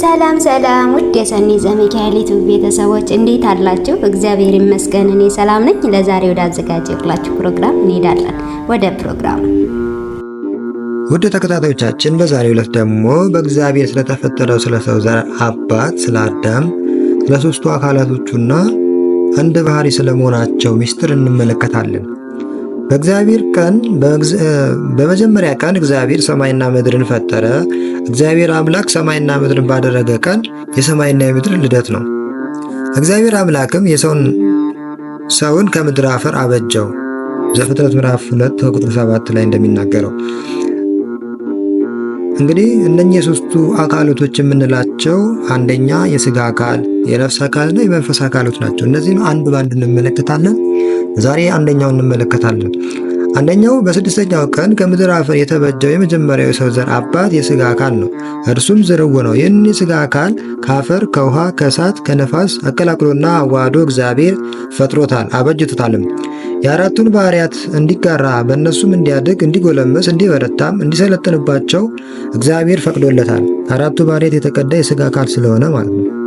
ሰላም ሰላም ውድ የሰኒ ዘሚካኤል ዩቲዩብ ቤተሰቦች እንዴት አላችሁ? እግዚአብሔር ይመስገን እኔ ሰላም ነኝ። ለዛሬ ወደ አዘጋጀሁላችሁ ፕሮግራም እንሄዳለን። ወደ ፕሮግራም ውድ ተከታታዮቻችን፣ በዛሬው ዕለት ደግሞ በእግዚአብሔር ስለተፈጠረው ስለ ሰው ዘር አባት ስለ አዳም፣ ስለ ሶስቱ አካላቶቹና አንድ ባህሪ ስለመሆናቸው ሚስጥር እንመለከታለን። በእግዚአብሔር ቀን በመጀመሪያ ቀን እግዚአብሔር ሰማይና ምድርን ፈጠረ። እግዚአብሔር አምላክ ሰማይና ምድርን ባደረገ ቀን የሰማይና የምድር ልደት ነው። እግዚአብሔር አምላክም የሰውን ሰውን ከምድር አፈር አበጀው ዘፍጥረት ምዕራፍ 2 ቁጥር 7 ላይ እንደሚናገረው እንግዲህ እነኚህ የሶስቱ አካሎቶች የምንላቸው አንደኛ የስጋ አካል፣ የነፍስ አካልና የመንፈስ አካሎት ናቸው። እነዚህም አንድ በአንድ እንመለከታለን። ዛሬ አንደኛው እንመለከታለን። አንደኛው በስድስተኛው ቀን ከምድር አፈር የተበጀው የመጀመሪያው የሰው ዘር አባት የስጋ አካል ነው። እርሱም ዝርው ነው። ይህን የሥጋ አካል ከአፈር፣ ከውሃ፣ ከእሳት፣ ከነፋስ አቀላቅሎና አዋህዶ እግዚአብሔር ፈጥሮታል አበጅቶታልም። የአራቱን ባህርያት እንዲጋራ በእነሱም እንዲያድግ፣ እንዲጎለምስ፣ እንዲበረታም፣ እንዲሰለጥንባቸው እግዚአብሔር ፈቅዶለታል። አራቱ ባህርያት የተቀዳ የስጋ አካል ስለሆነ ማለት ነው።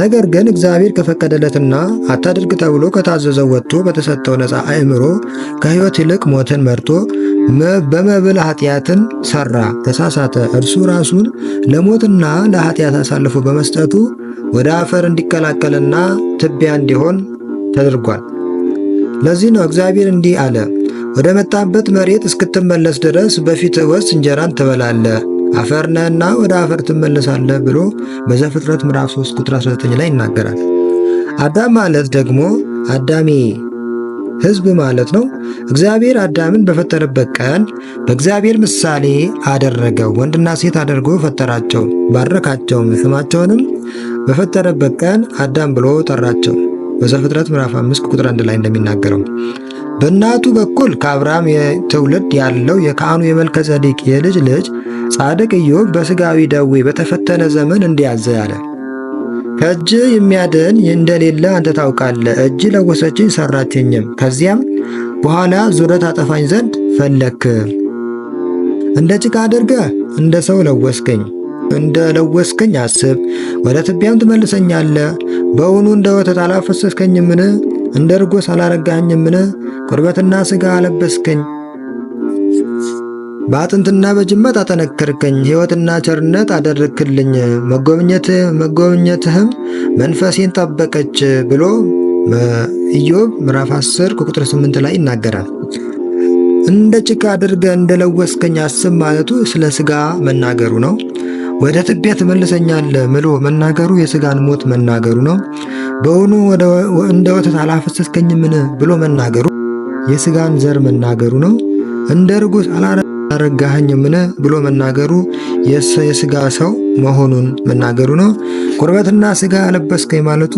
ነገር ግን እግዚአብሔር ከፈቀደለትና አታድርግ ተብሎ ከታዘዘው ወጥቶ በተሰጠው ነፃ አእምሮ ከሕይወት ይልቅ ሞትን መርጦ በመብል ኃጢአትን ሰራ፣ ተሳሳተ። እርሱ ራሱን ለሞትና ለኃጢአት አሳልፎ በመስጠቱ ወደ አፈር እንዲቀላቀልና ትቢያ እንዲሆን ተደርጓል። ለዚህ ነው እግዚአብሔር እንዲህ አለ፣ ወደ መጣበት መሬት እስክትመለስ ድረስ በፊት ወስ እንጀራን ትበላለህ አፈር ነህና ወደ አፈር ትመለሳለህ ብሎ በዘፍጥረት ምዕራፍ 3 ቁጥር 19 ላይ ይናገራል። አዳም ማለት ደግሞ አዳሜ ሕዝብ ማለት ነው። እግዚአብሔር አዳምን በፈጠረበት ቀን በእግዚአብሔር ምሳሌ አደረገው፣ ወንድና ሴት አድርጎ ፈጠራቸው፣ ባረካቸውም፣ ስማቸውንም በፈጠረበት ቀን አዳም ብሎ ጠራቸው። በዘፍጥረት ምዕራፍ 5 ቁጥር 1 ላይ እንደሚናገረው በእናቱ በኩል ከአብርሃም ትውልድ ያለው የካህኑ የመልከ ጸዲቅ የልጅ ልጅ ጻድቅ ኢዮብ በስጋዊ ደዌ በተፈተነ ዘመን እንዲያዘ አለ። ከእጅ የሚያድን እንደሌለ አንተ ታውቃለህ። እጅ ለወሰችኝ ሰራችኝም፣ ከዚያም በኋላ ዙረት አጠፋኝ ዘንድ ፈለክ። እንደ ጭቃ አድርገህ እንደ ሰው ለወስከኝ እንደ ለወስከኝ አስብ፣ ወደ ትቢያም ትመልሰኛለህ። በውኑ እንደ ወተት አላፈሰስከኝምን? እንደ ርጎስ አላረጋኸኝምን? ቁርበትና ስጋ አለበስከኝ። በአጥንትና በጅመት አጠነከርከኝ፣ ሕይወትና ቸርነት አደረክልኝ። መጎብኘትህ መጎብኘትህም መንፈሴን ጠበቀች ብሎ ኢዮብ ምዕራፍ 10 ከቁጥር 8 ላይ ይናገራል። እንደ ጭቃ አድርገ እንደለወስከኝ አስብ ማለቱ ስለ ሥጋ መናገሩ ነው። ወደ ትቢያ ትመልሰኛለህ ምሎ መናገሩ የሥጋን ሞት መናገሩ ነው። በውኑ እንደ ወተት አላፈሰስከኝምን ብሎ መናገሩ የሥጋን ዘር መናገሩ ነው። እንደ ርጉስ አላረ ምን ብሎ መናገሩ የስጋ ሰው መሆኑን መናገሩ ነው። ቁርበትና ስጋ አለበስከኝ ማለቱ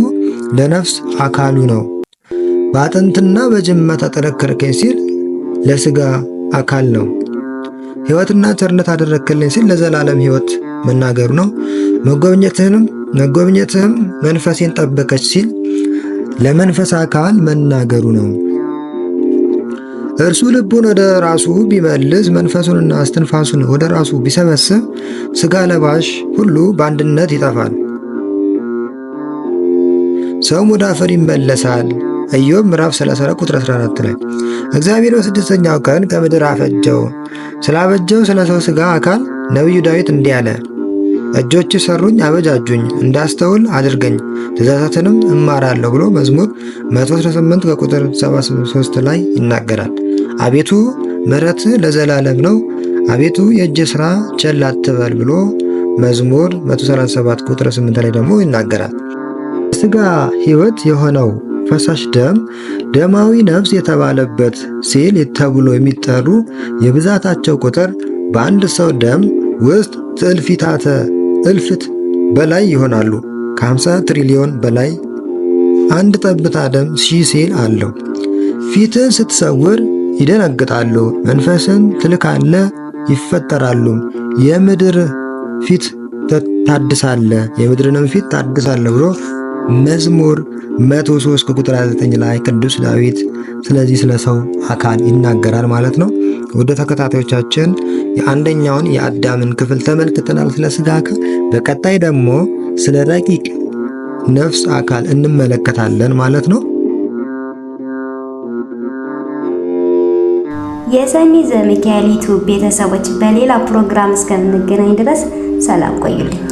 ለነፍስ አካሉ ነው። በአጥንትና በጅመት አጠነከርከኝ ሲል ለስጋ አካል ነው። ሕይወትና ቸርነት አደረክልኝ ሲል ለዘላለም ሕይወት መናገሩ ነው። መጎብኘትህንም መጎብኘትህም መንፈሴን ጠበቀች ሲል ለመንፈስ አካል መናገሩ ነው። እርሱ ልቡን ወደ ራሱ ቢመልስ መንፈሱንና እስትንፋሱን ወደ ራሱ ቢሰበስብ ሥጋ ለባሽ ሁሉ በአንድነት ይጠፋል። ሰውም ወደ አፈር ይመለሳል። ኢዮብ ምዕራፍ 34 ቁጥር 14 ላይ እግዚአብሔር በስድስተኛው ቀን ከምድር አፈጀው። ስላበጀው ስለ ሰው ሥጋ አካል ነቢዩ ዳዊት እንዲህ አለ፣ እጆች ሰሩኝ፣ አበጃጁኝ፣ እንዳስተውል አድርገኝ፣ ትእዛዛትንም እማራለሁ ብሎ መዝሙር 118 ከቁጥር 73 ላይ ይናገራል። አቤቱ ምሕረት ለዘላለም ነው፣ አቤቱ የእጅ ሥራ ቸል አትበል ብሎ መዝሙር 137 ቁጥር 8 ላይ ደግሞ ይናገራል። የሥጋ ሕይወት የሆነው ፈሳሽ ደም ደማዊ ነፍስ የተባለበት ሴል ተብሎ የሚጠሩ የብዛታቸው ቁጥር በአንድ ሰው ደም ውስጥ ትእልፊታተ እልፍት በላይ ይሆናሉ። ከ50 ትሪሊዮን በላይ አንድ ጠብታ ደም ሺህ ሴል አለው። ፊትን ስትሰውር ይደነግጣሉ። መንፈስን ትልካለ፣ ይፈጠራሉ። የምድር ፊት ታድሳለ፣ የምድርንም ፊት ታድሳለ ብሎ መዝሙር 103 ከቁጥር 9 ላይ ቅዱስ ዳዊት ስለዚህ ስለ ሰው አካል ይናገራል ማለት ነው። ወደ ተከታታዮቻችን የአንደኛውን የአዳምን ክፍል ተመልክተናል፣ ስለ ስጋ አካል። በቀጣይ ደግሞ ስለ ረቂቅ ነፍስ አካል እንመለከታለን ማለት ነው። የሰኒ ዘሚካኤል ዩቲዩብ ቤተሰቦች በሌላ ፕሮግራም እስከምንገናኝ ድረስ ሰላም ቆዩልኝ።